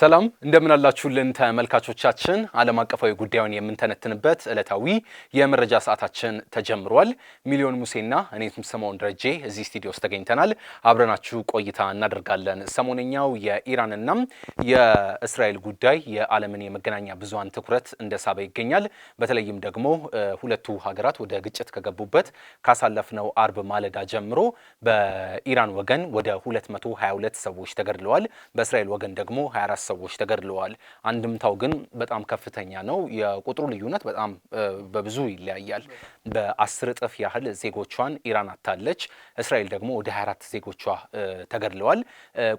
ሰላም እንደምን አላችሁልን ተመልካቾቻችን። ዓለም አቀፋዊ ጉዳዩን የምንተነትንበት ዕለታዊ የመረጃ ሰዓታችን ተጀምሯል። ሚሊዮን ሙሴና እኔም ሰሞን ደረጄ እዚህ ስቱዲዮ ውስጥ ተገኝተናል። አብረናችሁ ቆይታ እናደርጋለን። ሰሞነኛው የኢራንና የእስራኤል ጉዳይ የዓለምን የመገናኛ ብዙሃን ትኩረት እንደሳበ ይገኛል። በተለይም ደግሞ ሁለቱ ሀገራት ወደ ግጭት ከገቡበት ካሳለፍነው አርብ ማለዳ ጀምሮ በኢራን ወገን ወደ 222 ሰዎች ተገድለዋል። በእስራኤል ወገን ደግሞ 24 ሰዎች ተገድለዋል። አንድምታው ግን በጣም ከፍተኛ ነው። የቁጥሩ ልዩነት በጣም በብዙ ይለያያል። በአስር እጥፍ ያህል ዜጎቿን ኢራን አታለች። እስራኤል ደግሞ ወደ 24 ዜጎቿ ተገድለዋል።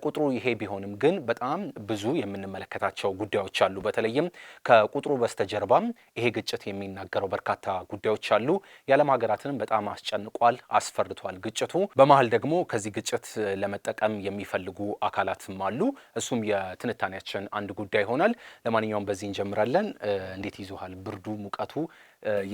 ቁጥሩ ይሄ ቢሆንም ግን በጣም ብዙ የምንመለከታቸው ጉዳዮች አሉ። በተለይም ከቁጥሩ በስተጀርባም ይሄ ግጭት የሚናገረው በርካታ ጉዳዮች አሉ። የዓለም ሀገራትንም በጣም አስጨንቋል፣ አስፈርቷል ግጭቱ። በመሀል ደግሞ ከዚህ ግጭት ለመጠቀም የሚፈልጉ አካላትም አሉ። እሱም የትንታኔ የትንታኔያችን አንድ ጉዳይ ይሆናል። ለማንኛውም በዚህ እንጀምራለን። እንዴት ይዞሃል? ብርዱ፣ ሙቀቱ፣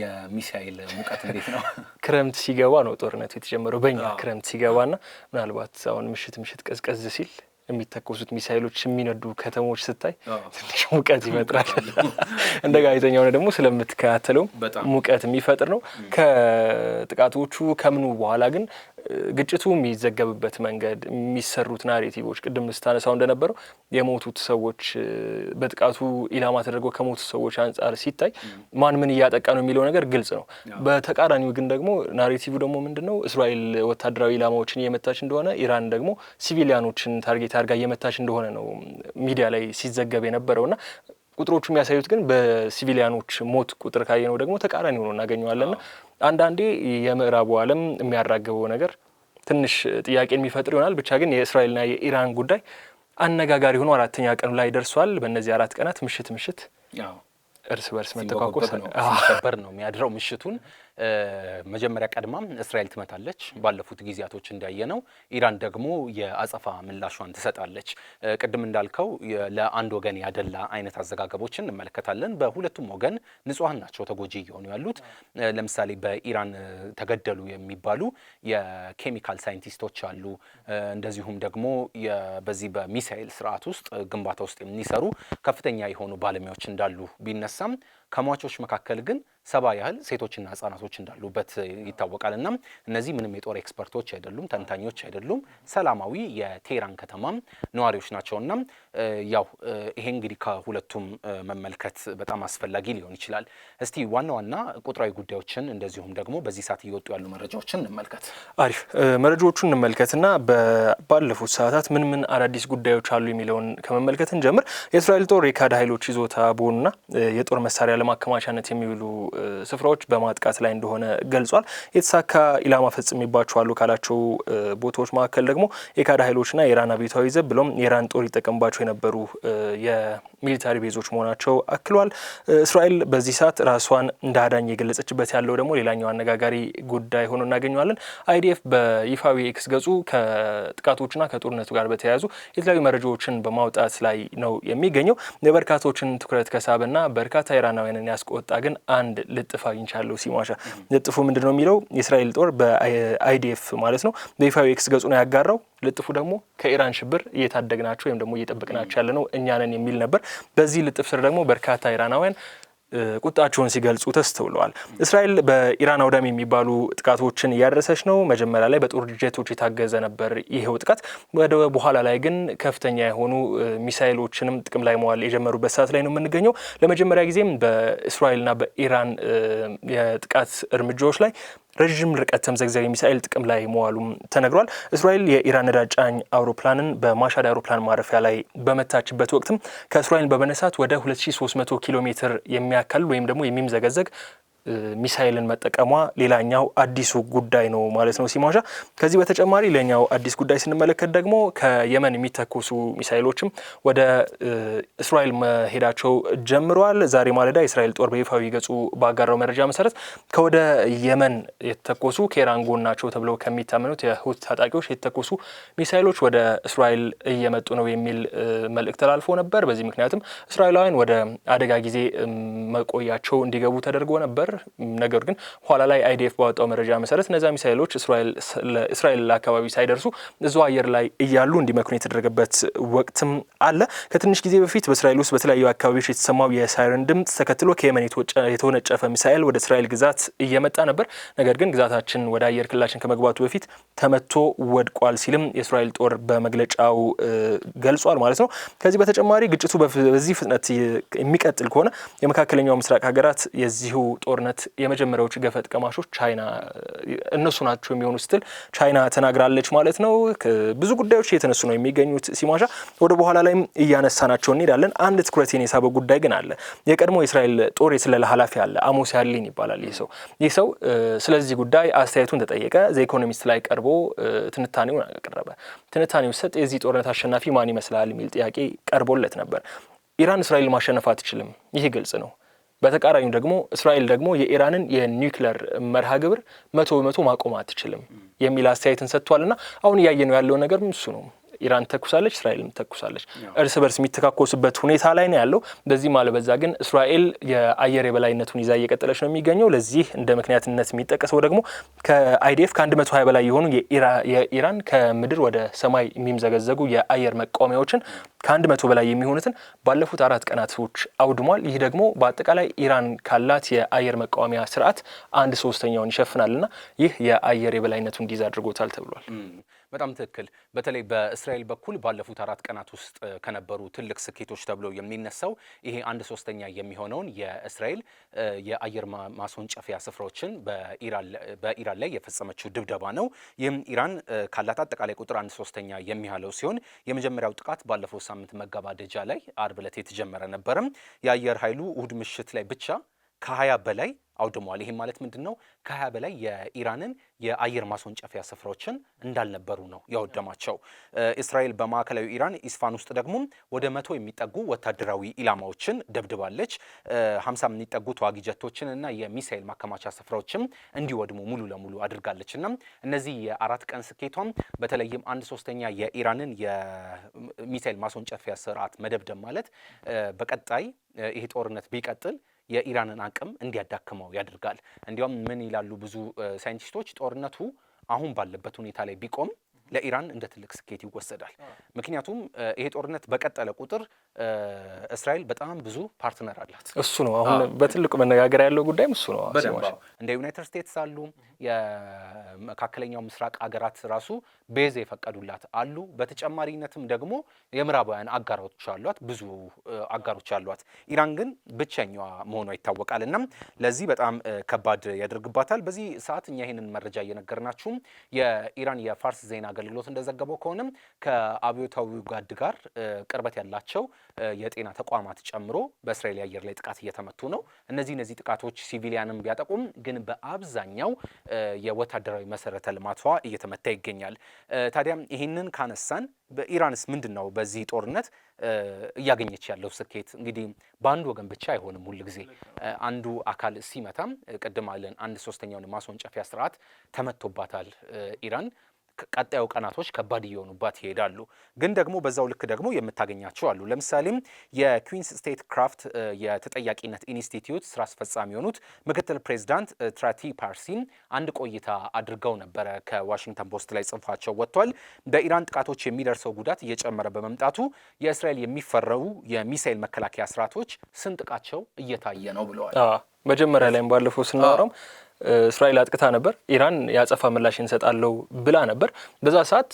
የሚሳኤል ሙቀት እንዴት ነው? ክረምት ሲገባ ነው ጦርነቱ የተጀመረው በእኛ ክረምት ሲገባና ምናልባት አሁን ምሽት ምሽት ቀዝቀዝ ሲል የሚተኮሱት ሚሳይሎች የሚነዱ ከተሞች ስታይ ትንሽ ሙቀት ይፈጥራል። እንደ ጋዜጠኛ ሆነ ደግሞ ስለምትከታተለው ሙቀት የሚፈጥር ነው። ከጥቃቶቹ ከምኑ በኋላ ግን ግጭቱ የሚዘገብበት መንገድ የሚሰሩት ናሬቲቮች ቅድም ስታነሳው እንደነበረው የሞቱት ሰዎች በጥቃቱ ኢላማ ተደርገው ከሞቱት ሰዎች አንጻር ሲታይ ማን ምን እያጠቃ ነው የሚለው ነገር ግልጽ ነው። በተቃራኒው ግን ደግሞ ናሬቲቭ ደግሞ ምንድን ነው? እስራኤል ወታደራዊ ኢላማዎችን እየመታች እንደሆነ፣ ኢራን ደግሞ ሲቪሊያኖችን ታርጌት አድርጋ እየመታች እንደሆነ ነው ሚዲያ ላይ ሲዘገብ የነበረው እና ቁጥሮቹ የሚያሳዩት ግን በሲቪሊያኖች ሞት ቁጥር ካየ ነው ደግሞ ተቃራኒ ሆኖ እናገኘዋለንና አንዳንዴ የምዕራቡ ዓለም የሚያራግበው ነገር ትንሽ ጥያቄ የሚፈጥር ይሆናል። ብቻ ግን የእስራኤልና የኢራን ጉዳይ አነጋጋሪ ሆኖ አራተኛ ቀኑ ላይ ደርሷል። በእነዚህ አራት ቀናት ምሽት ምሽት እርስ በርስ መተኳኮስ ነው የሚያድረው ምሽቱን መጀመሪያ ቀድማም እስራኤል ትመታለች። ባለፉት ጊዜያቶች እንዳየነው ኢራን ደግሞ የአጸፋ ምላሿን ትሰጣለች። ቅድም እንዳልከው ለአንድ ወገን ያደላ አይነት አዘጋገቦችን እንመለከታለን። በሁለቱም ወገን ንጹሐን ናቸው ተጎጂ እየሆኑ ያሉት። ለምሳሌ በኢራን ተገደሉ የሚባሉ የኬሚካል ሳይንቲስቶች አሉ። እንደዚሁም ደግሞ በዚህ በሚሳኤል ስርዓት ውስጥ ግንባታ ውስጥ የሚሰሩ ከፍተኛ የሆኑ ባለሙያዎች እንዳሉ ቢነሳም ከሟቾች መካከል ግን ሰባ ያህል ሴቶችና ህጻናቶች እንዳሉበት ይታወቃል። እና እነዚህ ምንም የጦር ኤክስፐርቶች አይደሉም፣ ተንታኞች አይደሉም፣ ሰላማዊ የቴህራን ከተማ ነዋሪዎች ናቸውና ያው ይሄ እንግዲህ ከሁለቱም መመልከት በጣም አስፈላጊ ሊሆን ይችላል። እስቲ ዋና ዋና ቁጥራዊ ጉዳዮችን እንደዚሁም ደግሞ በዚህ ሰዓት እየወጡ ያሉ መረጃዎችን እንመልከት። አሪፍ መረጃዎቹን እንመልከትና ባለፉት ሰዓታት ምን ምን አዳዲስ ጉዳዮች አሉ የሚለውን ከመመልከት እንጀምር። የእስራኤል ጦር የካድ ኃይሎች ይዞታ በሆኑና የጦር መሳሪያ ለማከማቻነት የሚውሉ ስፍራዎች በማጥቃት ላይ እንደሆነ ገልጿል። የተሳካ ኢላማ ፈጽሜባቸዋለሁ ካላቸው ቦታዎች መካከል ደግሞ የካድ ኃይሎችና የኢራን አብዮታዊ ዘብ ብሎም የኢራን ጦር ይጠቀምባቸው የነበሩ የሚሊታሪ ቤዞች መሆናቸው አክሏል። እስራኤል በዚህ ሰዓት ራሷን እንደ አዳኝ የገለጸችበት ያለው ደግሞ ሌላኛው አነጋጋሪ ጉዳይ ሆኖ እናገኘዋለን። አይዲኤፍ በይፋዊ ኤክስ ገጹ ከጥቃቶችና ከጦርነቱ ጋር በተያያዙ የተለያዩ መረጃዎችን በማውጣት ላይ ነው የሚገኘው። የበርካቶችን ትኩረት ከሳበና በርካታ ኢራናውያንን ያስቆጣ ግን አንድ ልጥፍ አግኝቻለሁ። ሲሟሻ ልጥፉ ምንድን ነው የሚለው የእስራኤል ጦር በአይዲኤፍ ማለት ነው በይፋዊ ኤክስ ገጹ ነው ያጋራው ልጥፉ ደግሞ ከኢራን ሽብር እየታደግናቸው ወይም ደግሞ እየጠበቅናቸው ያለ ነው እኛንን የሚል ነበር። በዚህ ልጥፍ ስር ደግሞ በርካታ ኢራናውያን ቁጣቸውን ሲገልጹ ተስተውለዋል። እስራኤል በኢራን አውዳሚ የሚባሉ ጥቃቶችን እያደረሰች ነው። መጀመሪያ ላይ በጦር ጀቶች የታገዘ ነበር ይሄው ጥቃት፣ ወደ በኋላ ላይ ግን ከፍተኛ የሆኑ ሚሳይሎችንም ጥቅም ላይ መዋል የጀመሩበት ሰዓት ላይ ነው የምንገኘው። ለመጀመሪያ ጊዜም በእስራኤልና በኢራን የጥቃት እርምጃዎች ላይ ረዥም ርቀት ተምዘግዘግ ሚሳኤል ጥቅም ላይ መዋሉም ተነግሯል። እስራኤል የኢራን ነዳጅ ጫኝ አውሮፕላንን በማሻድ አውሮፕላን ማረፊያ ላይ በመታችበት ወቅትም ከእስራኤል በመነሳት ወደ 2300 ኪሎ ሜትር የሚያካልል ወይም ደግሞ የሚምዘገዘግ ሚሳይልን መጠቀሟ ሌላኛው አዲሱ ጉዳይ ነው ማለት ነው ሲማሻ። ከዚህ በተጨማሪ ሌላኛው አዲስ ጉዳይ ስንመለከት ደግሞ ከየመን የሚተኮሱ ሚሳይሎችም ወደ እስራኤል መሄዳቸው ጀምረዋል። ዛሬ ማለዳ የእስራኤል ጦር በይፋዊ ገጹ ባጋራው መረጃ መሰረት ከወደ የመን የተተኮሱ ከኢራን ናቸው ተብለው ከሚታመኑት የሁት ታጣቂዎች የተተኮሱ ሚሳይሎች ወደ እስራኤል እየመጡ ነው የሚል መልእክት ተላልፎ ነበር። በዚህ ምክንያትም እስራኤላውያን ወደ አደጋ ጊዜ መቆያቸው እንዲገቡ ተደርጎ ነበር። ነገር ግን ኋላ ላይ አይዲኤፍ ባወጣው መረጃ መሰረት እነዚያ ሚሳይሎች እስራኤል አካባቢ ሳይደርሱ እዛው አየር ላይ እያሉ እንዲመክኑ የተደረገበት ወቅትም አለ። ከትንሽ ጊዜ በፊት በእስራኤል ውስጥ በተለያዩ አካባቢዎች የተሰማው የሳይረን ድምፅ ተከትሎ ከየመን የተወነጨፈ ሚሳኤል ወደ እስራኤል ግዛት እየመጣ ነበር። ነገር ግን ግዛታችን ወደ አየር ክልላችን ከመግባቱ በፊት ተመቶ ወድቋል ሲልም የእስራኤል ጦር በመግለጫው ገልጿል ማለት ነው። ከዚህ በተጨማሪ ግጭቱ በዚህ ፍጥነት የሚቀጥል ከሆነ የመካከለኛው ምስራቅ ሀገራት የዚሁ ጦር ጦርነት የመጀመሪያዎች ገፈት ቀማሾች ቻይና እነሱ ናቸው የሚሆኑ ስትል ቻይና ተናግራለች ማለት ነው። ብዙ ጉዳዮች እየተነሱ ነው የሚገኙት ሲማሻ ወደ በኋላ ላይም እያነሳናቸው እንሄዳለን። አንድ ትኩረቴን የሳበ ጉዳይ ግን አለ። የቀድሞ የእስራኤል ጦር የስለላ ኃላፊ አለ፣ አሞስ ያድሊን ይባላል። ይህ ሰው ይህ ሰው ስለዚህ ጉዳይ አስተያየቱን ተጠየቀ። ዘ ኢኮኖሚስት ላይ ቀርቦ ትንታኔውን አቀረበ። ትንታኔው ሰጥ የዚህ ጦርነት አሸናፊ ማን ይመስላል የሚል ጥያቄ ቀርቦለት ነበር። ኢራን እስራኤል ማሸነፍ አትችልም። ይህ ግልጽ ነው። በተቃራኒው ደግሞ እስራኤል ደግሞ የኢራንን የኒውክለር መርሃ ግብር መቶ በመቶ ማቆም አትችልም የሚል አስተያየትን ሰጥቷል። እና አሁን እያየነው ያለው ያለውን ነገር እሱ ነው። ኢራን ተኩሳለች፣ እስራኤልም ተኩሳለች። እርስ በርስ የሚተካኮሱበት ሁኔታ ላይ ነው ያለው። በዚህ አለበዛ ግን እስራኤል የአየር የበላይነቱን ይዛ እየቀጠለች ነው የሚገኘው። ለዚህ እንደ ምክንያትነት የሚጠቀሰው ደግሞ ከአይዲኤፍ ከ120 በላይ የሆኑ የኢራን ከምድር ወደ ሰማይ የሚምዘገዘጉ የአየር መቃወሚያዎችን ከአንድ መቶ በላይ የሚሆኑትን ባለፉት አራት ቀናቶች አውድሟል። ይህ ደግሞ በአጠቃላይ ኢራን ካላት የአየር መቃወሚያ ስርዓት አንድ ሶስተኛውን ይሸፍናልና ይህ የአየር የበላይነቱ እንዲይዝ አድርጎታል ተብሏል። በጣም ትክክል። በተለይ በእስራኤል በኩል ባለፉት አራት ቀናት ውስጥ ከነበሩ ትልቅ ስኬቶች ተብሎ የሚነሳው ይሄ አንድ ሶስተኛ የሚሆነውን የእስራኤል የአየር ማስወንጨፊያ ስፍራዎችን በኢራን ላይ የፈጸመችው ድብደባ ነው። ይህም ኢራን ካላት አጠቃላይ ቁጥር አንድ ሶስተኛ የሚያለው ሲሆን የመጀመሪያው ጥቃት ባለፈው ሳምንት መገባደጃ ላይ አርብ ዕለት የተጀመረ ነበረም የአየር ኃይሉ እሁድ ምሽት ላይ ብቻ ከሀያ በላይ አውድመዋል። ይህም ማለት ምንድን ነው? ከሀያ በላይ የኢራንን የአየር ማስወንጨፊያ ስፍራዎችን እንዳልነበሩ ነው ያወደማቸው። እስራኤል በማዕከላዊ ኢራን ኢስፋን ውስጥ ደግሞ ወደ መቶ የሚጠጉ ወታደራዊ ኢላማዎችን ደብድባለች። ሀምሳ የሚጠጉ ተዋጊ ጀቶችን እና የሚሳኤል ማከማቻ ስፍራዎችም እንዲወድሙ ሙሉ ለሙሉ አድርጋለች እና እነዚህ የአራት ቀን ስኬቷም በተለይም አንድ ሶስተኛ የኢራንን የሚሳኤል ማስወንጨፊያ ስርዓት መደብደብ ማለት በቀጣይ ይህ ጦርነት ቢቀጥል የኢራንን አቅም እንዲያዳክመው ያደርጋል። እንዲያውም ምን ይላሉ ብዙ ሳይንቲስቶች ጦርነቱ አሁን ባለበት ሁኔታ ላይ ቢቆም ለኢራን እንደ ትልቅ ስኬት ይወሰዳል። ምክንያቱም ይሄ ጦርነት በቀጠለ ቁጥር እስራኤል በጣም ብዙ ፓርትነር አላት። እሱ ነው አሁን በትልቁ መነጋገር ያለው ጉዳይም እሱ ነው። እንደ ዩናይትድ ስቴትስ አሉ የመካከለኛው ምስራቅ አገራት ራሱ ቤዝ የፈቀዱላት አሉ። በተጨማሪነትም ደግሞ የምዕራባውያን አጋሮች አሏት፣ ብዙ አጋሮች አሏት። ኢራን ግን ብቸኛዋ መሆኗ ይታወቃል። እና ለዚህ በጣም ከባድ ያደርግባታል። በዚህ ሰዓት እኛ ይህንን መረጃ እየነገርናችሁም የኢራን የፋርስ ዜና አገልግሎት እንደዘገበው ከሆነም ከአብዮታዊ ጋድ ጋር ቅርበት ያላቸው የጤና ተቋማት ጨምሮ በእስራኤል አየር ላይ ጥቃት እየተመቱ ነው። እነዚህ እነዚህ ጥቃቶች ሲቪሊያንም ቢያጠቁም ግን በአብዛኛው የወታደራዊ መሰረተ ልማቷ እየተመታ ይገኛል። ታዲያም ይህንን ካነሳን በኢራንስ ምንድን ነው በዚህ ጦርነት እያገኘች ያለው ስኬት? እንግዲህ በአንድ ወገን ብቻ አይሆንም። ሁል ጊዜ አንዱ አካል ሲመታም ቅድም አለን አንድ ሶስተኛውን ማስወንጨፊያ ስርዓት ተመቶባታል ኢራን ቀጣዩ ቀናቶች ከባድ እየሆኑባት ይሄዳሉ። ግን ደግሞ በዛው ልክ ደግሞ የምታገኛቸው አሉ። ለምሳሌም የኩዊንስ ስቴት ክራፍት የተጠያቂነት ኢንስቲትዩት ስራ አስፈጻሚ የሆኑት ምክትል ፕሬዚዳንት ትራቲ ፓርሲን አንድ ቆይታ አድርገው ነበረ። ከዋሽንግተን ፖስት ላይ ጽንፋቸው ወጥቷል። በኢራን ጥቃቶች የሚደርሰው ጉዳት እየጨመረ በመምጣቱ የእስራኤል የሚፈረቡ የሚሳኤል መከላከያ ስርዓቶች ስንጥቃቸው እየታየ ነው ብለዋል። መጀመሪያ ላይም ባለፈው ስናወራም እስራኤል አጥቅታ ነበር። ኢራን የአጸፋ ምላሽ እንሰጣለው ብላ ነበር። በዛ ሰዓት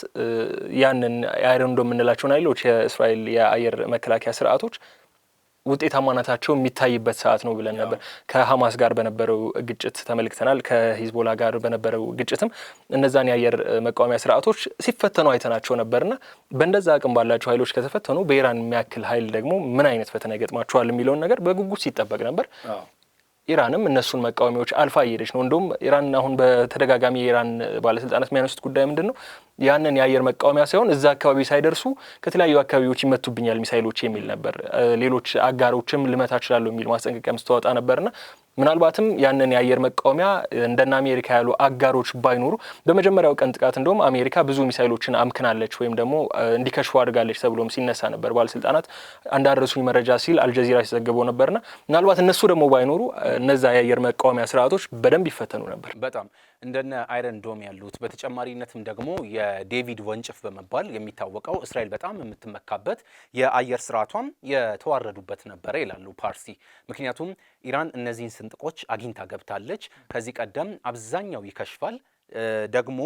ያንን አይረንዶ የምንላቸውን ኃይሎች የእስራኤል የአየር መከላከያ ስርዓቶች ውጤታማነታቸው የሚታይበት ሰዓት ነው ብለን ነበር። ከሀማስ ጋር በነበረው ግጭት ተመልክተናል። ከሂዝቦላ ጋር በነበረው ግጭትም እነዛን የአየር መቃወሚያ ስርዓቶች ሲፈተኑ አይተናቸው ነበርና በእንደዛ አቅም ባላቸው ኃይሎች ከተፈተኑ በኢራን የሚያክል ኃይል ደግሞ ምን አይነት ፈተና ይገጥማቸዋል የሚለውን ነገር በጉጉት ሲጠበቅ ነበር። ኢራንም እነሱን መቃወሚያዎች አልፋ እየሄደች ነው። እንዲሁም ኢራን አሁን በተደጋጋሚ የኢራን ባለስልጣናት የሚያነሱት ጉዳይ ምንድን ነው? ያንን የአየር መቃወሚያ ሳይሆን እዛ አካባቢ ሳይደርሱ ከተለያዩ አካባቢዎች ይመቱብኛል ሚሳይሎች የሚል ነበር። ሌሎች አጋሮችም ልመታ እችላለሁ የሚል ማስጠንቀቂያም ስተዋጣ ነበርና ምናልባትም ያንን የአየር መቃወሚያ እንደነ አሜሪካ ያሉ አጋሮች ባይኖሩ በመጀመሪያው ቀን ጥቃት እንደውም አሜሪካ ብዙ ሚሳይሎችን አምክናለች ወይም ደግሞ እንዲከሽፉ አድርጋለች ተብሎም ሲነሳ ነበር። ባለስልጣናት እንዳደረሱኝ መረጃ ሲል አልጀዚራ ሲዘግበው ነበርና ምናልባት እነሱ ደግሞ ባይኖሩ እነዛ የአየር መቃወሚያ ስርዓቶች በደንብ ይፈተኑ ነበር። በጣም እንደነ አይረን ዶም ያሉት በተጨማሪነትም ደግሞ የዴቪድ ወንጭፍ በመባል የሚታወቀው እስራኤል በጣም የምትመካበት የአየር ስርዓቷም የተዋረዱበት ነበረ ይላሉ ፓርሲ። ምክንያቱም ኢራን እነዚህን ስንጥቆች አግኝታ ገብታለች። ከዚህ ቀደም አብዛኛው ይከሽፋል ደግሞ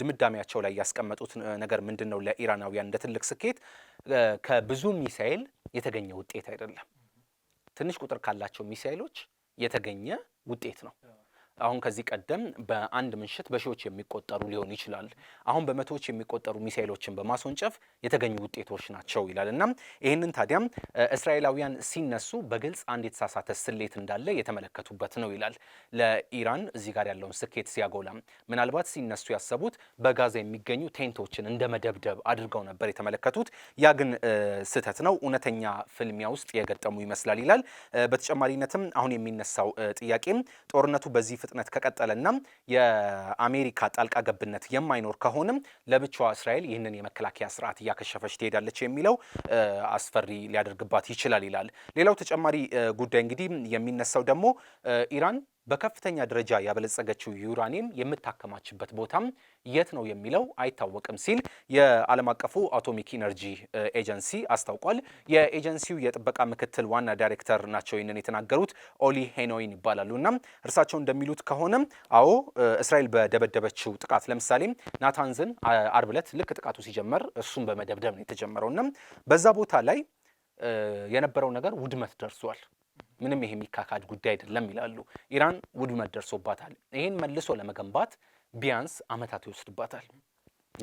ድምዳሜያቸው ላይ ያስቀመጡት ነገር ምንድን ነው? ለኢራናውያን እንደ ትልቅ ስኬት ከብዙ ሚሳኤል የተገኘ ውጤት አይደለም፣ ትንሽ ቁጥር ካላቸው ሚሳኤሎች የተገኘ ውጤት ነው። አሁን ከዚህ ቀደም በአንድ ምሽት በሺዎች የሚቆጠሩ ሊሆን ይችላል፣ አሁን በመቶዎች የሚቆጠሩ ሚሳይሎችን በማስወንጨፍ የተገኙ ውጤቶች ናቸው ይላል እና ይህንን ታዲያም እስራኤላውያን ሲነሱ በግልጽ አንድ የተሳሳተ ስሌት እንዳለ የተመለከቱበት ነው ይላል። ለኢራን እዚህ ጋር ያለውን ስኬት ሲያጎላ ምናልባት ሲነሱ ያሰቡት በጋዛ የሚገኙ ቴንቶችን እንደ መደብደብ አድርገው ነበር የተመለከቱት። ያ ግን ስህተት ነው፣ እውነተኛ ፍልሚያ ውስጥ የገጠሙ ይመስላል ይላል። በተጨማሪነትም አሁን የሚነሳው ጥያቄም ጦርነቱ በዚህ ፍጥነት ከቀጠለና የአሜሪካ ጣልቃ ገብነት የማይኖር ከሆነም ለብቻዋ እስራኤል ይህንን የመከላከያ ስርዓት እያከሸፈች ትሄዳለች የሚለው አስፈሪ ሊያደርግባት ይችላል ይላል። ሌላው ተጨማሪ ጉዳይ እንግዲህ የሚነሳው ደግሞ ኢራን በከፍተኛ ደረጃ ያበለጸገችው ዩራኒየም የምታከማችበት ቦታም የት ነው የሚለው አይታወቅም ሲል የዓለም አቀፉ አቶሚክ ኢነርጂ ኤጀንሲ አስታውቋል። የኤጀንሲው የጥበቃ ምክትል ዋና ዳይሬክተር ናቸው ይህንን የተናገሩት ኦሊ ሄኖይን ይባላሉ። እና እርሳቸው እንደሚሉት ከሆነ አዎ እስራኤል በደበደበችው ጥቃት ለምሳሌ ናታንዝን አርብ ዕለት ልክ ጥቃቱ ሲጀመር እሱን በመደብደብ ነው የተጀመረው እና በዛ ቦታ ላይ የነበረው ነገር ውድመት ደርሷል። ምንም ይሄ የሚካካድ ጉዳይ አይደለም ይላሉ። ኢራን ውድመት ደርሶባታል። ይህን መልሶ ለመገንባት ቢያንስ አመታት ይወስድባታል።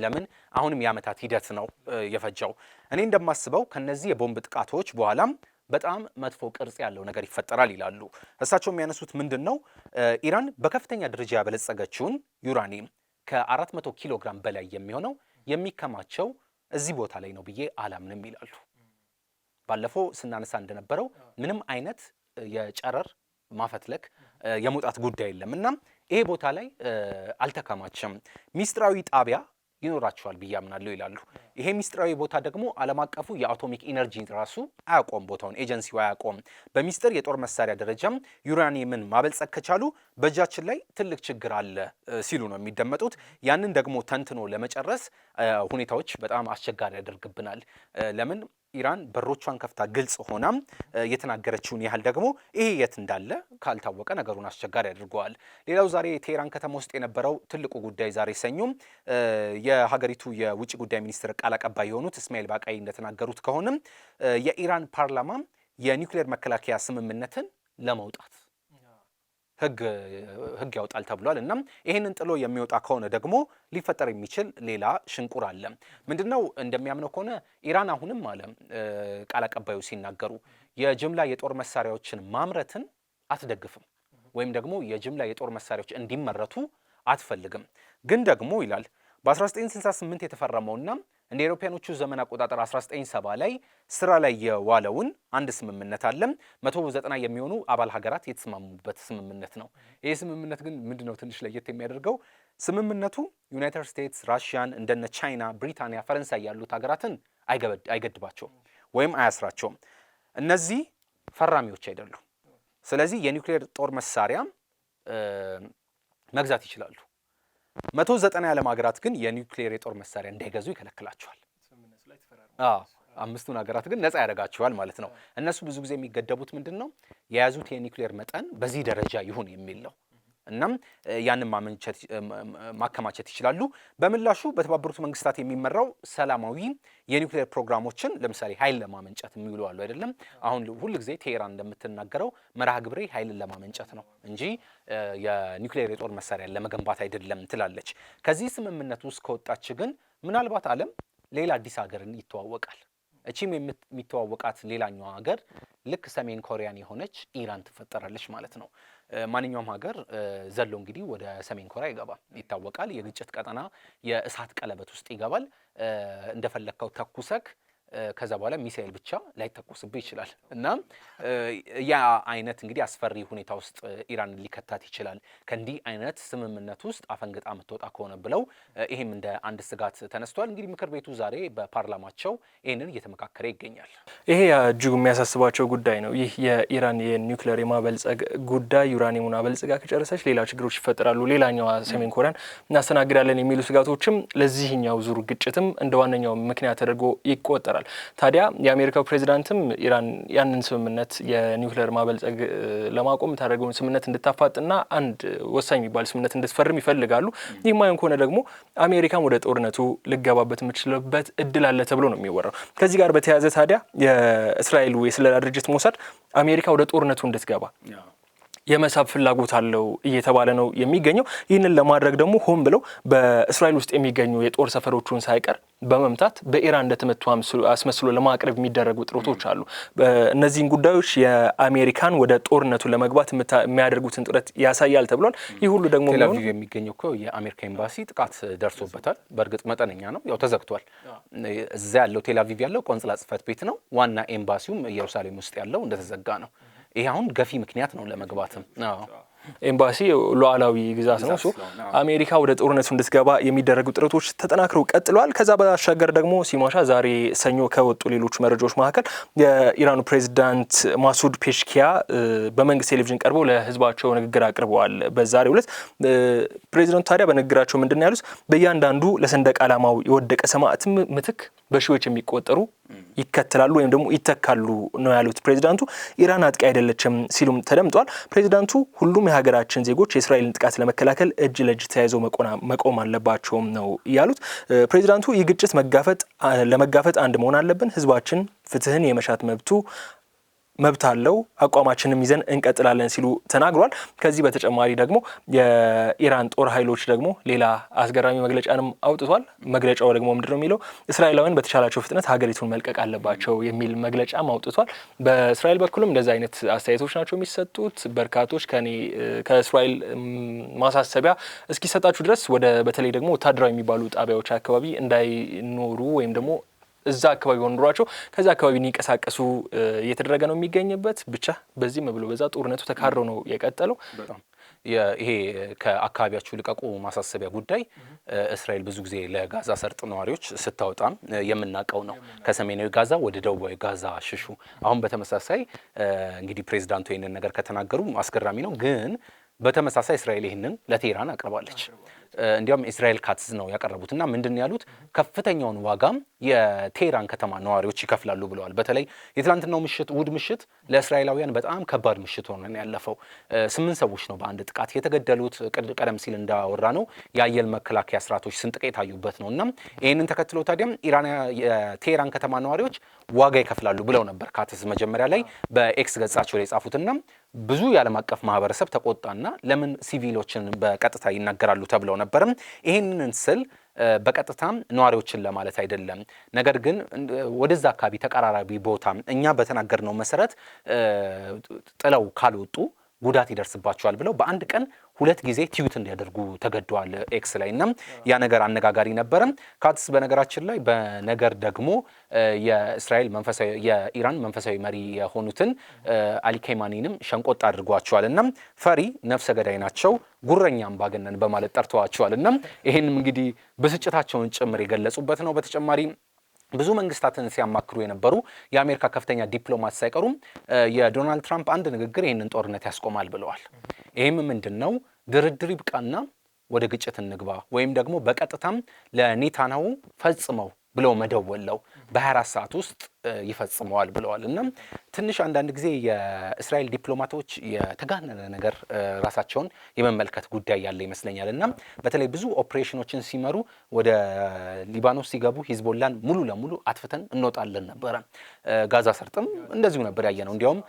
ለምን አሁንም የአመታት ሂደት ነው የፈጀው። እኔ እንደማስበው ከነዚህ የቦምብ ጥቃቶች በኋላም በጣም መጥፎ ቅርጽ ያለው ነገር ይፈጠራል ይላሉ። እሳቸው የሚያነሱት ምንድን ነው? ኢራን በከፍተኛ ደረጃ ያበለጸገችውን ዩራኒየም ከ400 ኪሎ ግራም በላይ የሚሆነው የሚከማቸው እዚህ ቦታ ላይ ነው ብዬ አላምንም ይላሉ። ባለፈው ስናነሳ እንደነበረው ምንም አይነት የጨረር ማፈትለክ የመውጣት ጉዳይ የለም። እና ይሄ ቦታ ላይ አልተከማቸም። ሚስጥራዊ ጣቢያ ይኖራቸዋል ብዬ አምናለሁ ይላሉ። ይሄ ሚስጥራዊ ቦታ ደግሞ ዓለም አቀፉ የአቶሚክ ኢነርጂ ራሱ አያቆም ቦታውን ኤጀንሲው አያቆም። በሚስጥር የጦር መሳሪያ ደረጃም ዩራኒየምን ማበልጸግ ከቻሉ በእጃችን ላይ ትልቅ ችግር አለ ሲሉ ነው የሚደመጡት። ያንን ደግሞ ተንትኖ ለመጨረስ ሁኔታዎች በጣም አስቸጋሪ ያደርግብናል። ለምን ኢራን በሮቿን ከፍታ ግልጽ ሆናም የተናገረችውን ያህል ደግሞ ይሄ የት እንዳለ ካልታወቀ ነገሩን አስቸጋሪ አድርገዋል። ሌላው ዛሬ ቴሄራን ከተማ ውስጥ የነበረው ትልቁ ጉዳይ ዛሬ ሰኞም የሀገሪቱ የውጭ ጉዳይ ሚኒስትር ቃል አቀባይ የሆኑት እስማኤል ባቃይ እንደተናገሩት ከሆነም የኢራን ፓርላማ የኒውክሌር መከላከያ ስምምነትን ለመውጣት ህግ ያውጣል ተብሏል። እና ይህንን ጥሎ የሚወጣ ከሆነ ደግሞ ሊፈጠር የሚችል ሌላ ሽንቁር አለ። ምንድን ነው? እንደሚያምነው ከሆነ ኢራን አሁንም አለ ቃል አቀባዩ ሲናገሩ የጅምላ የጦር መሳሪያዎችን ማምረትን አትደግፍም ወይም ደግሞ የጅምላ የጦር መሳሪያዎች እንዲመረቱ አትፈልግም። ግን ደግሞ ይላል በ1968 የተፈረመውና እንደ አውሮፓውያኖቹ ዘመን አቆጣጠር 1970 ላይ ስራ ላይ የዋለውን አንድ ስምምነት አለ። 190 የሚሆኑ አባል ሀገራት የተስማሙበት ስምምነት ነው። ይህ ስምምነት ግን ምንድነው ትንሽ ለየት የሚያደርገው? ስምምነቱ ዩናይትድ ስቴትስ፣ ራሽያን፣ እንደነ ቻይና፣ ብሪታንያ፣ ፈረንሳይ ያሉት ሀገራትን አይገድባቸውም ወይም አያስራቸውም። እነዚህ ፈራሚዎች አይደሉም። ስለዚህ የኒውክሌር ጦር መሳሪያ መግዛት ይችላሉ። መቶ ዘጠና የዓለም ሀገራት ግን የኒውክሌር የጦር መሳሪያ እንዳይገዙ ይከለክላቸዋል። አምስቱን ሀገራት ግን ነጻ ያደርጋቸዋል ማለት ነው። እነሱ ብዙ ጊዜ የሚገደቡት ምንድን ነው የያዙት የኒውክሌር መጠን በዚህ ደረጃ ይሁን የሚል ነው። እናም ያንን ማከማቸት ይችላሉ። በምላሹ በተባበሩት መንግስታት የሚመራው ሰላማዊ የኒውክሌር ፕሮግራሞችን ለምሳሌ ኃይል ለማመንጨት የሚውሉ አሉ አይደለም። አሁን ሁል ጊዜ ቴሄራን እንደምትናገረው መርሃ ግብሬ ኃይልን ለማመንጨት ነው እንጂ የኒውክሌር የጦር መሳሪያ ለመገንባት አይደለም ትላለች። ከዚህ ስምምነት ውስጥ ከወጣች ግን ምናልባት ዓለም ሌላ አዲስ ሀገርን ይተዋወቃል። እቺም የሚተዋወቃት ሌላኛው ሀገር ልክ ሰሜን ኮሪያን የሆነች ኢራን ትፈጠራለች ማለት ነው። ማንኛውም ሀገር ዘሎ እንግዲህ ወደ ሰሜን ኮሪያ ይገባል፣ ይታወቃል። የግጭት ቀጠና የእሳት ቀለበት ውስጥ ይገባል። እንደፈለግከው ተኩሰክ ከዛ በኋላ ሚሳኤል ብቻ ላይተኮስብህ ይችላል እና ያ አይነት እንግዲህ አስፈሪ ሁኔታ ውስጥ ኢራን ሊከታት ይችላል። ከእንዲህ አይነት ስምምነት ውስጥ አፈንግጣ የምትወጣ ከሆነ ብለው ይሄም እንደ አንድ ስጋት ተነስቷል። እንግዲህ ምክር ቤቱ ዛሬ በፓርላማቸው ይህንን እየተመካከረ ይገኛል። ይሄ እጅጉ የሚያሳስባቸው ጉዳይ ነው። ይህ የኢራን የኒውክሌር የማበልጸግ ጉዳይ ዩራኒየሙን አበልጽጋ ከጨረሰች ሌላ ችግሮች ይፈጠራሉ፣ ሌላኛዋ ሰሜን ኮሪያን እናስተናግዳለን የሚሉ ስጋቶችም ለዚህኛው ዙር ግጭትም እንደ ዋነኛው ምክንያት ተደርጎ ይቆጠራል። ይችላል። ታዲያ የአሜሪካው ፕሬዚዳንትም ኢራን ያንን ስምምነት የኒውክሌር ማበልጸግ ለማቆም የታደረገውን ስምምነት እንድታፋጥና አንድ ወሳኝ የሚባል ስምምነት እንድትፈርም ይፈልጋሉ። ይህ ማየን ከሆነ ደግሞ አሜሪካም ወደ ጦርነቱ ልገባበት የምችልበት እድል አለ ተብሎ ነው የሚወራው። ከዚህ ጋር በተያያዘ ታዲያ የእስራኤሉ የስለላ ድርጅት ሞሳድ አሜሪካ ወደ ጦርነቱ እንድትገባ የመሳብ ፍላጎት አለው እየተባለ ነው የሚገኘው። ይህንን ለማድረግ ደግሞ ሆን ብለው በእስራኤል ውስጥ የሚገኙ የጦር ሰፈሮቹን ሳይቀር በመምታት በኢራን እንደተመቱ አስመስሎ ለማቅረብ የሚደረጉ ጥረቶች አሉ። እነዚህን ጉዳዮች የአሜሪካን ወደ ጦርነቱ ለመግባት የሚያደርጉትን ጥረት ያሳያል ተብሏል። ይህ ሁሉ ደግሞ ቴላቪቭ የሚገኘው እኮ የአሜሪካ ኤምባሲ ጥቃት ደርሶበታል። በእርግጥ መጠነኛ ነው፣ ያው ተዘግቷል። እዛ ያለው ቴላቪቭ ያለው ቆንጽላ ጽህፈት ቤት ነው። ዋና ኤምባሲውም ኢየሩሳሌም ውስጥ ያለው እንደተዘጋ ነው። ይሄ አሁን ገፊ ምክንያት ነው ለመግባትም ኤምባሲ ሉዓላዊ ግዛት ነው። አሜሪካ ወደ ጦርነቱ እንድትገባ የሚደረጉ ጥረቶች ተጠናክረው ቀጥለዋል። ከዛ ባሻገር ደግሞ ሲማሻ ዛሬ ሰኞ ከወጡ ሌሎች መረጃዎች መካከል የኢራኑ ፕሬዚዳንት ማሱድ ፔሽኪያ በመንግስት ቴሌቪዥን ቀርበው ለህዝባቸው ንግግር አቅርበዋል። በዛሬው ዕለት ፕሬዚዳንቱ ታዲያ በንግግራቸው ምንድን ነው ያሉት? በእያንዳንዱ ለሰንደቅ ዓላማው የወደቀ ሰማዕት ምትክ በሺዎች የሚቆጠሩ ይከተላሉ ወይም ደግሞ ይተካሉ ነው ያሉት ፕሬዚዳንቱ። ኢራን አጥቂ አይደለችም ሲሉም ተደምጧል። ፕሬዚዳንቱ ሁሉም ሀገራችን ዜጎች የእስራኤልን ጥቃት ለመከላከል እጅ ለእጅ ተያይዘው መቆም አለባቸውም ነው ያሉት ፕሬዚዳንቱ። ይህ ግጭት ለመጋፈጥ አንድ መሆን አለብን። ህዝባችን ፍትህን የመሻት መብቱ መብት አለው አቋማችንም ይዘን እንቀጥላለን ሲሉ ተናግሯል። ከዚህ በተጨማሪ ደግሞ የኢራን ጦር ኃይሎች ደግሞ ሌላ አስገራሚ መግለጫንም አውጥቷል። መግለጫው ደግሞ ምንድን ነው የሚለው እስራኤላውያን በተቻላቸው ፍጥነት ሀገሪቱን መልቀቅ አለባቸው የሚል መግለጫም አውጥቷል። በእስራኤል በኩልም እንደዚ አይነት አስተያየቶች ናቸው የሚሰጡት። በርካቶች ከኔ ከእስራኤል ማሳሰቢያ እስኪሰጣችሁ ድረስ ወደ በተለይ ደግሞ ወታደራዊ የሚባሉ ጣቢያዎች አካባቢ እንዳይኖሩ ወይም ደግሞ እዛ አካባቢ ሆኖሯቸው ከዚ አካባቢ እንዲንቀሳቀሱ እየተደረገ ነው የሚገኝበት። ብቻ በዚህም ብሎ በዛ ጦርነቱ ተካረው ነው የቀጠለው። ይሄ ከአካባቢያችሁ ልቀቁ ማሳሰቢያ ጉዳይ እስራኤል ብዙ ጊዜ ለጋዛ ሰርጥ ነዋሪዎች ስታወጣም የምናውቀው ነው። ከሰሜናዊ ጋዛ ወደ ደቡባዊ ጋዛ ሽሹ። አሁን በተመሳሳይ እንግዲህ ፕሬዚዳንቱ ይህንን ነገር ከተናገሩ አስገራሚ ነው። ግን በተመሳሳይ እስራኤል ይህንን ለቴህራን አቅርባለች። እንዲያውም እስራኤል ካትስ ነው ያቀረቡትና ምንድን ያሉት ከፍተኛውን ዋጋም የቴህራን ከተማ ነዋሪዎች ይከፍላሉ ብለዋል። በተለይ የትላንትናው ምሽት እሑድ ምሽት ለእስራኤላውያን በጣም ከባድ ምሽት ሆነን ያለፈው ስምንት ሰዎች ነው በአንድ ጥቃት የተገደሉት። ቀደም ሲል እንዳወራ ነው የአየር መከላከያ ስርዓቶች ስንጥቅ የታዩበት ነው እና ይህንን ተከትሎ ታዲያም ኢራን የቴህራን ከተማ ነዋሪዎች ዋጋ ይከፍላሉ ብለው ነበር ካትስ መጀመሪያ ላይ በኤክስ ገጻቸው ላይ የጻፉትና ብዙ የዓለም አቀፍ ማህበረሰብ ተቆጣና ለምን ሲቪሎችን በቀጥታ ይናገራሉ ተብለው ነበርም ይህንን ስል በቀጥታም ነዋሪዎችን ለማለት አይደለም። ነገር ግን ወደዛ አካባቢ ተቀራራቢ ቦታ እኛ በተናገርነው መሰረት ጥለው ካልወጡ ጉዳት ይደርስባቸዋል ብለው በአንድ ቀን ሁለት ጊዜ ትዊት እንዲያደርጉ ተገደዋል ኤክስ ላይ እና ያ ነገር አነጋጋሪ ነበርም። ካትስ በነገራችን ላይ በነገር ደግሞ የእስራኤል መንፈሳዊ የኢራን መንፈሳዊ መሪ የሆኑትን አሊ ኬማኒንም ሸንቆጥ አድርጓቸዋል እና ፈሪ ነፍሰ ገዳይ ናቸው ጉረኛ አምባገነን በማለት ጠርተዋቸዋል እና ይህንም እንግዲህ ብስጭታቸውን ጭምር የገለጹበት ነው በተጨማሪ ብዙ መንግስታትን ሲያማክሩ የነበሩ የአሜሪካ ከፍተኛ ዲፕሎማት ሳይቀሩም የዶናልድ ትራምፕ አንድ ንግግር ይህንን ጦርነት ያስቆማል ብለዋል። ይህም ምንድን ነው? ድርድር ይብቃና ወደ ግጭት እንግባ ወይም ደግሞ በቀጥታም ለኔታናው ፈጽመው ብለው መደወለው ነው። በ24 ሰዓት ውስጥ ይፈጽመዋል ብለዋል። እና ትንሽ አንዳንድ ጊዜ የእስራኤል ዲፕሎማቶች የተጋነነ ነገር ራሳቸውን የመመልከት ጉዳይ ያለ ይመስለኛል። እና በተለይ ብዙ ኦፕሬሽኖችን ሲመሩ ወደ ሊባኖስ ሲገቡ ሂዝቦላን ሙሉ ለሙሉ አጥፍተን እንወጣለን ነበረ። ጋዛ ሰርጥም እንደዚሁ ነበር ያየ ነው። እንዲያውም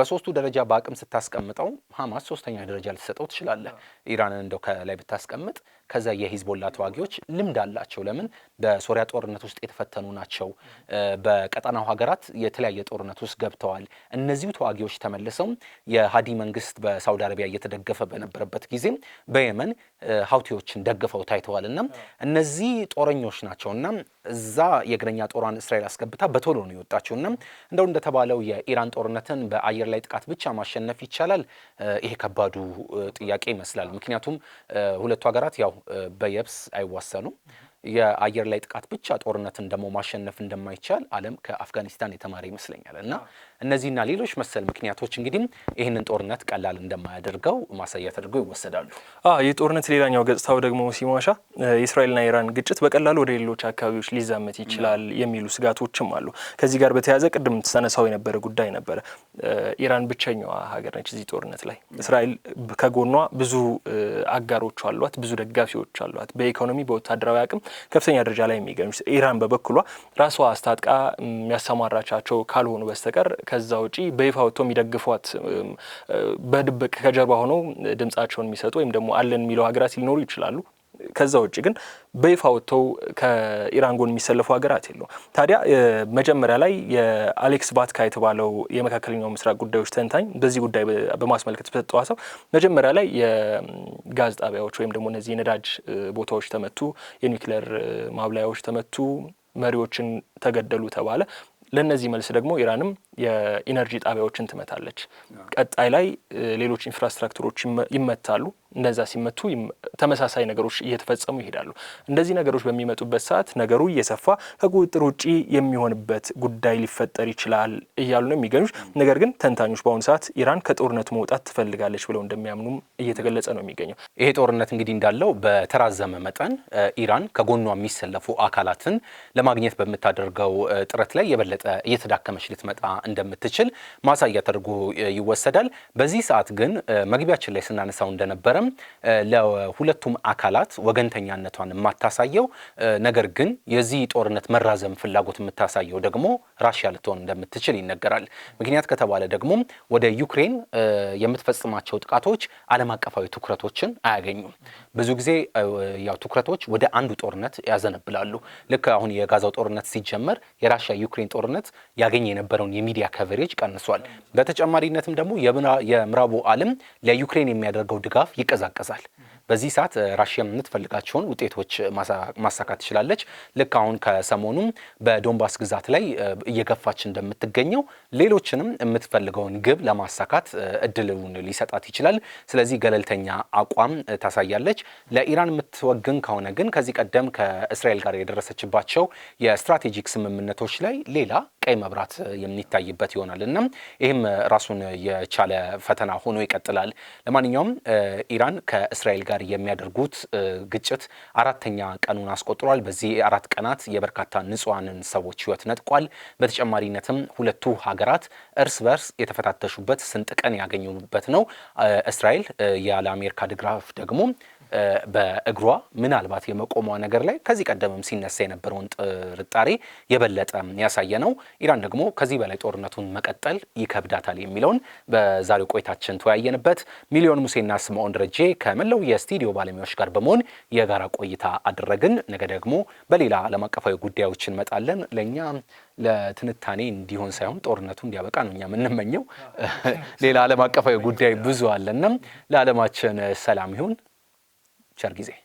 በሶስቱ ደረጃ በአቅም ስታስቀምጠው ሀማስ ሶስተኛ ደረጃ ልትሰጠው ትችላለህ። ኢራንን እንደው ከላይ ብታስቀምጥ ከዛ የሂዝቦላ ተዋጊዎች ልምድ አላቸው። ለምን በሶሪያ ጦርነት ውስጥ የተፈተኑ ናቸው። በቀጠናው ሀገራት የተለያየ ጦርነት ውስጥ ገብተዋል። እነዚሁ ተዋጊዎች ተመልሰው የሃዲ መንግስት በሳውዲ አረቢያ እየተደገፈ በነበረበት ጊዜ በየመን ሀውቲዎችን ደግፈው ታይተዋል እና እነዚህ ጦረኞች ናቸውና እዛ የእግረኛ ጦሯን እስራኤል አስገብታ በቶሎ ነው የወጣችው እና እንደው እንደተባለው የኢራን ጦርነትን በአየር ላይ ጥቃት ብቻ ማሸነፍ ይቻላል? ይሄ ከባዱ ጥያቄ ይመስላል። ምክንያቱም ሁለቱ ሀገራት ያው በየብስ አይዋሰኑም። የአየር ላይ ጥቃት ብቻ ጦርነትን ደግሞ ማሸነፍ እንደማይቻል ዓለም ከአፍጋኒስታን የተማረ ይመስለኛል። እና እነዚህና ሌሎች መሰል ምክንያቶች እንግዲህ ይህንን ጦርነት ቀላል እንደማያደርገው ማሳያ ተደርገው ይወሰዳሉ። ይህ ጦርነት ሌላኛው ገጽታው ደግሞ ሲሟሻ የእስራኤልና ኢራን ግጭት በቀላሉ ወደ ሌሎች አካባቢዎች ሊዛመት ይችላል የሚሉ ስጋቶችም አሉ። ከዚህ ጋር በተያያዘ ቅድም ተነሳው የነበረ ጉዳይ ነበረ። ኢራን ብቸኛዋ ሀገር ነች እዚህ ጦርነት ላይ። እስራኤል ከጎኗ ብዙ አጋሮች አሏት፣ ብዙ ደጋፊዎች አሏት፣ በኢኮኖሚ በወታደራዊ አቅም ከፍተኛ ደረጃ ላይ የሚገኙ ኢራን በበኩሏ ራሷ አስታጥቃ የሚያሰማራቻቸው ካልሆኑ በስተቀር ከዛ ውጪ በይፋ ወጥቶ የሚደግፏት በድብቅ ከጀርባ ሆነው ድምጻቸውን የሚሰጡ ወይም ደግሞ አለን የሚለው ሀገራት ሊኖሩ ይችላሉ። ከዛ ውጭ ግን በይፋ ወጥተው ከኢራን ጎን የሚሰለፉ ሀገራት የሉም። ታዲያ መጀመሪያ ላይ የአሌክስ ባትካ የተባለው የመካከለኛው ምስራቅ ጉዳዮች ተንታኝ በዚህ ጉዳይ በማስመልከት በሰጠው ሀሳብ መጀመሪያ ላይ የጋዝ ጣቢያዎች ወይም ደግሞ እነዚህ የነዳጅ ቦታዎች ተመቱ፣ የኒውክሌር ማብላያዎች ተመቱ፣ መሪዎችን ተገደሉ ተባለ። ለእነዚህ መልስ ደግሞ ኢራንም የኢነርጂ ጣቢያዎችን ትመታለች። ቀጣይ ላይ ሌሎች ኢንፍራስትራክቸሮች ይመታሉ። እንደዛ ሲመቱ ተመሳሳይ ነገሮች እየተፈጸሙ ይሄዳሉ። እንደዚህ ነገሮች በሚመጡበት ሰዓት ነገሩ እየሰፋ ከቁጥጥር ውጪ የሚሆንበት ጉዳይ ሊፈጠር ይችላል እያሉ ነው የሚገኙት። ነገር ግን ተንታኞች በአሁኑ ሰዓት ኢራን ከጦርነት መውጣት ትፈልጋለች ብለው እንደሚያምኑም እየተገለጸ ነው የሚገኘው። ይሄ ጦርነት እንግዲህ እንዳለው በተራዘመ መጠን ኢራን ከጎኗ የሚሰለፉ አካላትን ለማግኘት በምታደርገው ጥረት ላይ የበለጠ እየተዳከመች ልትመጣ እንደምትችል ማሳያ ተደርጎ ይወሰዳል። በዚህ ሰዓት ግን መግቢያችን ላይ ስናነሳው እንደነበረም ለሁለቱም አካላት ወገንተኛነቷን የማታሳየው ነገር ግን የዚህ ጦርነት መራዘም ፍላጎት የምታሳየው ደግሞ ራሽያ ልትሆን እንደምትችል ይነገራል። ምክንያት ከተባለ ደግሞ ወደ ዩክሬን የምትፈጽማቸው ጥቃቶች ዓለም አቀፋዊ ትኩረቶችን አያገኙም። ብዙ ጊዜ ያው ትኩረቶች ወደ አንዱ ጦርነት ያዘነብላሉ። ልክ አሁን የጋዛው ጦርነት ሲጀመር የራሽያ ዩክሬን ጦርነት ያገኘ የነበረውን የሚዲያ ከቨሬጅ ቀንሷል። በተጨማሪነትም ደግሞ የምዕራቡ ዓለም ለዩክሬን የሚያደርገው ድጋፍ ይቀዛቀዛል። በዚህ ሰዓት ራሽያ የምትፈልጋቸውን ውጤቶች ማሳካት ትችላለች። ልክ አሁን ከሰሞኑም በዶንባስ ግዛት ላይ እየገፋች እንደምትገኘው ሌሎችንም የምትፈልገውን ግብ ለማሳካት እድልን ሊሰጣት ይችላል። ስለዚህ ገለልተኛ አቋም ታሳያለች። ለኢራን የምትወግን ከሆነ ግን ከዚህ ቀደም ከእስራኤል ጋር የደረሰችባቸው የስትራቴጂክ ስምምነቶች ላይ ሌላ ቀይ መብራት የሚታይበት ይሆናል እና ይህም ራሱን የቻለ ፈተና ሆኖ ይቀጥላል። ለማንኛውም ኢራን ከእስራኤል ጋር የሚያደርጉት ግጭት አራተኛ ቀኑን አስቆጥሯል። በዚህ አራት ቀናት የበርካታ ንጹሐንን ሰዎች ሕይወት ነጥቋል። በተጨማሪነትም ሁለቱ ሀገራት እርስ በርስ የተፈታተሹበት ስንጥቀን ያገኙበት ነው። እስራኤል ያለ አሜሪካ ድጋፍ ደግሞ በእግሯ ምናልባት የመቆሟ ነገር ላይ ከዚህ ቀደምም ሲነሳ የነበረውን ጥርጣሬ የበለጠ ያሳየ ነው። ኢራን ደግሞ ከዚህ በላይ ጦርነቱን መቀጠል ይከብዳታል የሚለውን በዛሬው ቆይታችን ተወያየንበት። ሚሊዮን ሙሴና ስምኦን ደረጄ ከመላው የስቱዲዮ ባለሙያዎች ጋር በመሆን የጋራ ቆይታ አደረግን። ነገ ደግሞ በሌላ ዓለም አቀፋዊ ጉዳዮች እንመጣለን። ለእኛ ለትንታኔ እንዲሆን ሳይሆን ጦርነቱ እንዲያበቃ ነው እኛ የምንመኘው። ሌላ ዓለም አቀፋዊ ጉዳይ ብዙ አለና ለዓለማችን ሰላም ይሁን። شرگزے